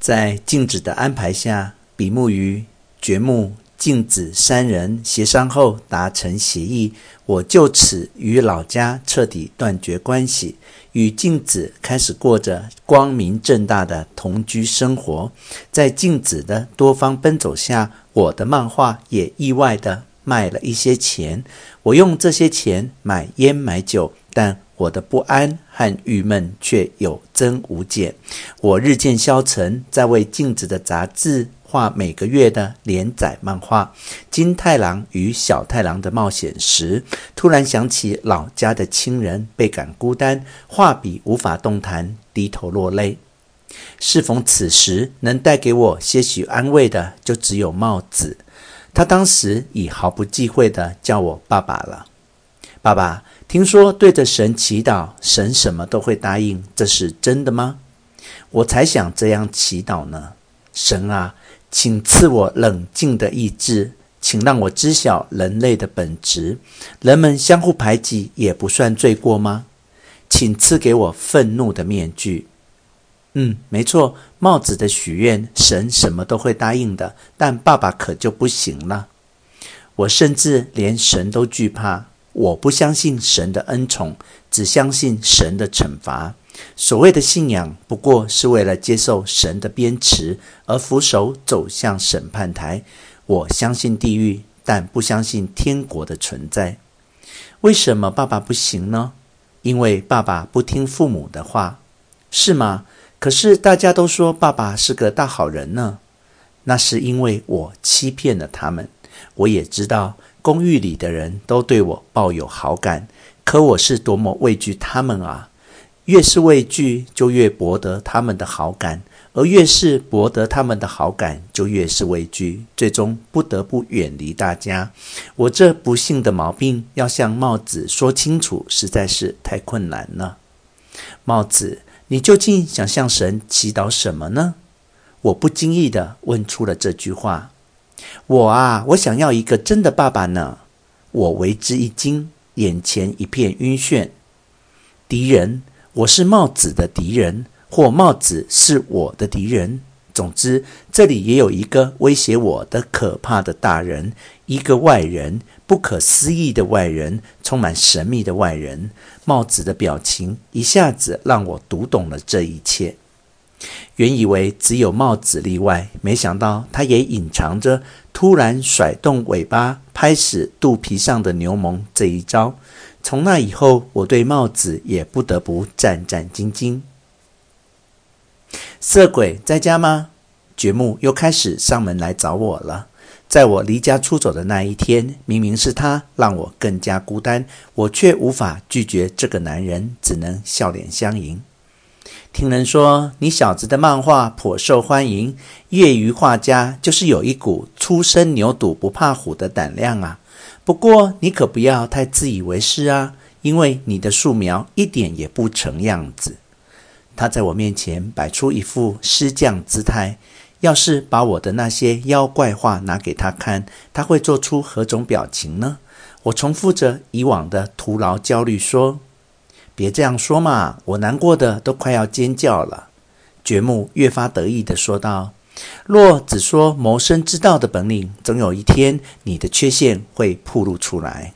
在靜子的安排下，比目魚、堀木、靜子三人協商後達成協議。我就此與老家徹底斷絕關係，與靜子開始過着光明正大的同居生活。在靜子的多方奔走下，我的漫畫也意外地賣了一些錢。我用這些錢買煙買酒，但我的不安和鬱悶卻有增無減，我日漸消沉，在為靜子的雜誌畫每個月的連載漫畫《金太郎與小太郎的冒險》時，突然想起老家的親人，倍感孤單，畫筆無法動彈，低頭落淚。適逢此時，能帶給我些許安慰的，就只有茂子。他當時已毫不忌諱地叫我爸爸了，爸爸。聽說對着神祈禱，神什麼都會答應，這是真的嗎？我才想這樣祈禱呢。神啊，請賜我冷靜的意志，請讓我知曉人類的本質。人們相互排擠，也不算罪過嗎？請賜給我憤怒的面具。嗯，沒錯，帽子的許願，神什麼都會答應的，但爸爸可就不行了。我甚至連神都懼怕。我不相信神的恩寵，只相信神的懲罰。所謂的信仰，不過是為了接受神的鞭笞而俯首走向審判台。我相信地獄，但不相信天國的存在。為什麼爸爸不行呢？因為爸爸不聽父母的話，是嗎？可是大家都說爸爸是個大好人呢。那是因為我欺騙了他們。我也知道。公寓裡的人都對我抱有好感，可我是多麼畏懼他們啊！越是畏懼，就越博得他們的好感；而越是博得他們的好感，就越是畏懼，最終不得不遠離大家。我這不幸的毛病，要向帽子說清楚，實在是太困難了。帽子，你究竟想向神祈禱什麼呢？我不經意地問出了這句話。我啊，我想要一個真的爸爸呢！我為之一驚，眼前一片暈眩。敵人，我是帽子的敵人，或帽子是我的敵人。總之，這裡也有一個威脅我的可怕的大人，一個外人，不可思議的外人，充滿神秘的外人。帽子的表情一下子讓我讀懂了這一切。原以為只有帽子例外，沒想到它也隱藏着突然甩動尾巴拍死肚皮上的牛虻這一招。從那以後，我對帽子也不得不戰戰兢兢。色鬼在家嗎？堀木又開始上門來找我了。在我離家出走的那一天，明明是他讓我更加孤單，我卻無法拒絕這個男人，只能笑臉相迎。聽人說，你小子的漫畫頗受歡迎。業餘畫家就是有一股初生牛犢不怕虎的膽量啊。不過你可不要太自以為是啊，因為你的素描一點也不成樣子。他在我面前擺出一副師匠姿態，要是把我的那些妖怪畫拿給他看，他會做出何種表情呢？我重複着以往的徒勞焦慮說。別這樣說嘛，我難過的都快要尖叫了。”堀木越發得意地說道，“若只說謀生之道的本領，總有一天你的缺陷會暴露出來。”